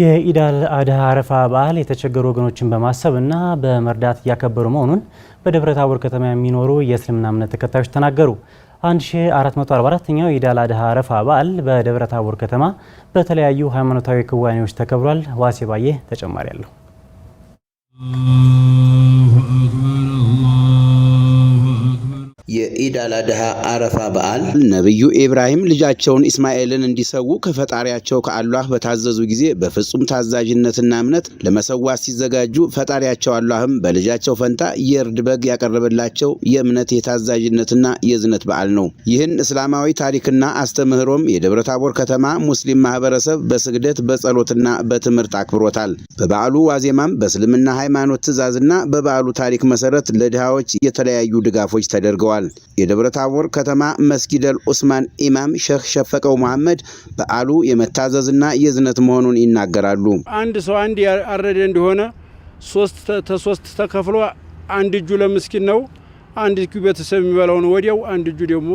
የኢዳል አድሃ አረፋ በዓል የተቸገሩ ወገኖችን በማሰብና በመርዳት እያከበሩ መሆኑን በደብረ ታቦር ከተማ የሚኖሩ የእስልምና እምነት ተከታዮች ተናገሩ። 1444ኛው የኢዳል አድሃ አረፋ በዓል በደብረ ታቦር ከተማ በተለያዩ ሃይማኖታዊ ክዋኔዎች ተከብሯል። ዋሴ ባዬ ተጨማሪ አለው። የኢድ አልአድሃ አረፋ በዓል ነቢዩ ኢብራሂም ልጃቸውን እስማኤልን እንዲሰዉ ከፈጣሪያቸው ከአላህ በታዘዙ ጊዜ በፍጹም ታዛዥነትና እምነት ለመሰዋት ሲዘጋጁ ፈጣሪያቸው አላህም በልጃቸው ፈንታ የእርድ በግ ያቀረበላቸው የእምነት የታዛዥነትና የእዝነት በዓል ነው። ይህን እስላማዊ ታሪክና አስተምህሮም የደብረ ታቦር ከተማ ሙስሊም ማህበረሰብ በስግደት በጸሎትና በትምህርት አክብሮታል። በበዓሉ ዋዜማም በእስልምና ሃይማኖት ትእዛዝና በበዓሉ ታሪክ መሰረት ለድሃዎች የተለያዩ ድጋፎች ተደርገዋል። ተገኝተዋል። የደብረታቦር ከተማ መስጊደል ኡስማን ኢማም ሼህ ሸፈቀው መሐመድ በዓሉ የመታዘዝና የዝነት መሆኑን ይናገራሉ። አንድ ሰው አንድ ያረደ እንደሆነ ሶስት ተሶስት ተከፍሎ አንድ እጁ ለምስኪን ነው፣ አንድ እጁ ቤተሰብ የሚበላውን ወዲያው፣ አንድ እጁ ደግሞ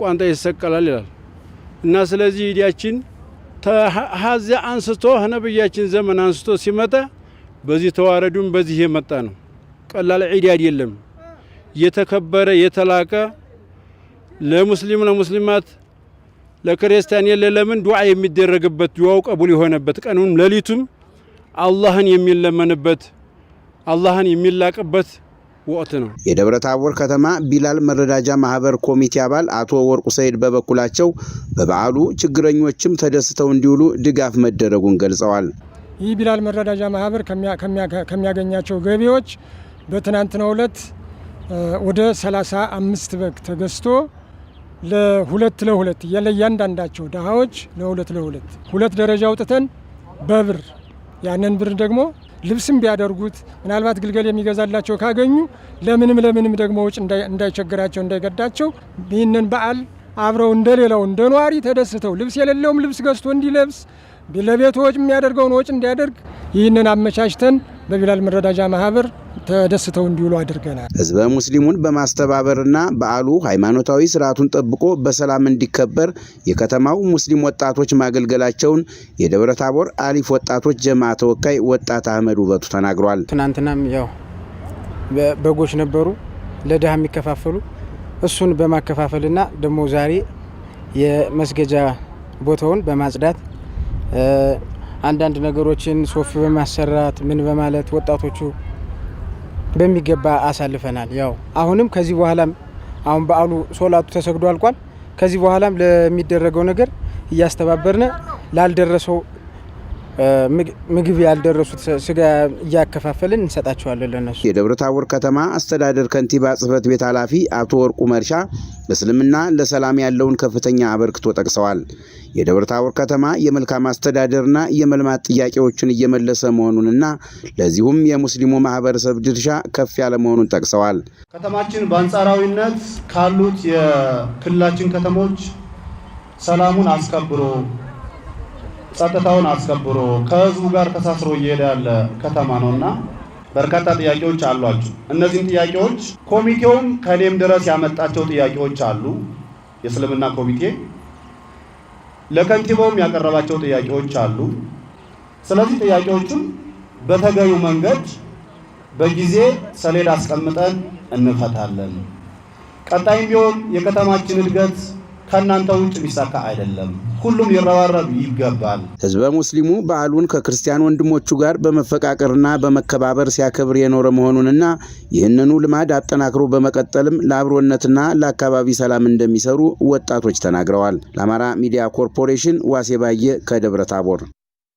ቋንጣ ይሰቀላል ይላል እና ስለዚህ ሂዲያችን ሀዚ አንስቶ ነብያችን ዘመን አንስቶ ሲመጣ በዚህ ተዋረዱም በዚህ የመጣ ነው። ቀላል ዒድ አይደለም። የተከበረ የተላቀ ለሙስሊም ለሙስሊማት ለክርስቲያን የለ ለምን ዱዓ የሚደረግበት ዱዓው ቀቡል የሆነበት ቀኑን ሌሊቱም አላህን የሚለመንበት አላህን የሚላቅበት ወቅት ነው። የደብረ ታቦር ከተማ ቢላል መረዳጃ ማህበር ኮሚቴ አባል አቶ ወርቁ ሰይድ በበኩላቸው በበዓሉ ችግረኞችም ተደስተው እንዲውሉ ድጋፍ መደረጉን ገልጸዋል። ይህ ቢላል መረዳጃ ማህበር ከሚያገኛቸው ገቢዎች በትናንትናው ዕለት ወደ 35 በግ ተገዝቶ ለሁለት ለሁለት ለእያንዳንዳቸው ድሃዎች ለሁለት ለሁለት ሁለት ደረጃ አውጥተን በብር ያንን ብር ደግሞ ልብስም ቢያደርጉት ምናልባት ግልገል የሚገዛላቸው ካገኙ ለምንም ለምንም ደግሞ ውጭ እንዳይቸግራቸው እንዳይገዳቸው ይህንን በዓል አብረው እንደሌላው እንደ ነዋሪ ተደስተው ልብስ የሌለውም ልብስ ገዝቶ እንዲለብስ ለቤቱ ወጭ የሚያደርገውን ወጭ እንዲያደርግ ይህንን አመቻችተን በቢላል መረዳጃ ማህበር ተደስተው እንዲውሉ አድርገናል። ህዝበ ሙስሊሙን በማስተባበርና በዓሉ ሃይማኖታዊ ስርዓቱን ጠብቆ በሰላም እንዲከበር የከተማው ሙስሊም ወጣቶች ማገልገላቸውን የደብረ ታቦር አሊፍ ወጣቶች ጀማ ተወካይ ወጣት አህመድ ውበቱ ተናግሯል። ትናንትናም ያው በጎች ነበሩ ለድሃ የሚከፋፈሉ እሱን በማከፋፈልና ደግሞ ዛሬ የመስገጃ ቦታውን በማጽዳት አንዳንድ ነገሮችን ሶፍ በማሰራት ምን በማለት ወጣቶቹ በሚገባ አሳልፈናል። ያው አሁንም ከዚህ በኋላም አሁን በዓሉ ሶላቱ ተሰግዶ አልቋል። ከዚህ በኋላም ለሚደረገው ነገር እያስተባበርነ ላልደረሰው ምግብ ያልደረሱት ስጋ እያከፋፈልን እንሰጣቸዋለን ለነሱ። የደብረ ታቦር ከተማ አስተዳደር ከንቲባ ጽህፈት ቤት ኃላፊ አቶ ወርቁ መርሻ በእስልምና ለሰላም ያለውን ከፍተኛ አበርክቶ ጠቅሰዋል። የደብረ ታቦር ከተማ የመልካም አስተዳደርና የመልማት ጥያቄዎችን እየመለሰ መሆኑንና ለዚሁም የሙስሊሙ ማህበረሰብ ድርሻ ከፍ ያለ መሆኑን ጠቅሰዋል። ከተማችን በአንጻራዊነት ካሉት የክልላችን ከተሞች ሰላሙን አስከብሮ ጸጥታውን አስከብሮ ከህዝቡ ጋር ተሳስሮ እየሄደ ያለ ከተማ እና በርካታ ጥያቄዎች አሏችሁ። እነዚህም ጥያቄዎች ኮሚቴውም ከእኔም ድረስ ያመጣቸው ጥያቄዎች አሉ። የእስልምና ኮሚቴ ለከንቲባውም ያቀረባቸው ጥያቄዎች አሉ። ስለዚህ ጥያቄዎቹን በተገቢው መንገድ በጊዜ ሰሌዳ አስቀምጠን እንፈታለን። ቀጣይም ቢሆን የከተማችን እድገት ከእናንተ ውጭ የሚሳካ አይደለም። ሁሉም ይረባረብ ይገባል። ህዝበ ሙስሊሙ በዓሉን ከክርስቲያን ወንድሞቹ ጋር በመፈቃቀርና በመከባበር ሲያከብር የኖረ መሆኑንና ይህንኑ ልማድ አጠናክሮ በመቀጠልም ለአብሮነትና ለአካባቢ ሰላም እንደሚሰሩ ወጣቶች ተናግረዋል። ለአማራ ሚዲያ ኮርፖሬሽን ዋሴ ባየ ከደብረ ታቦር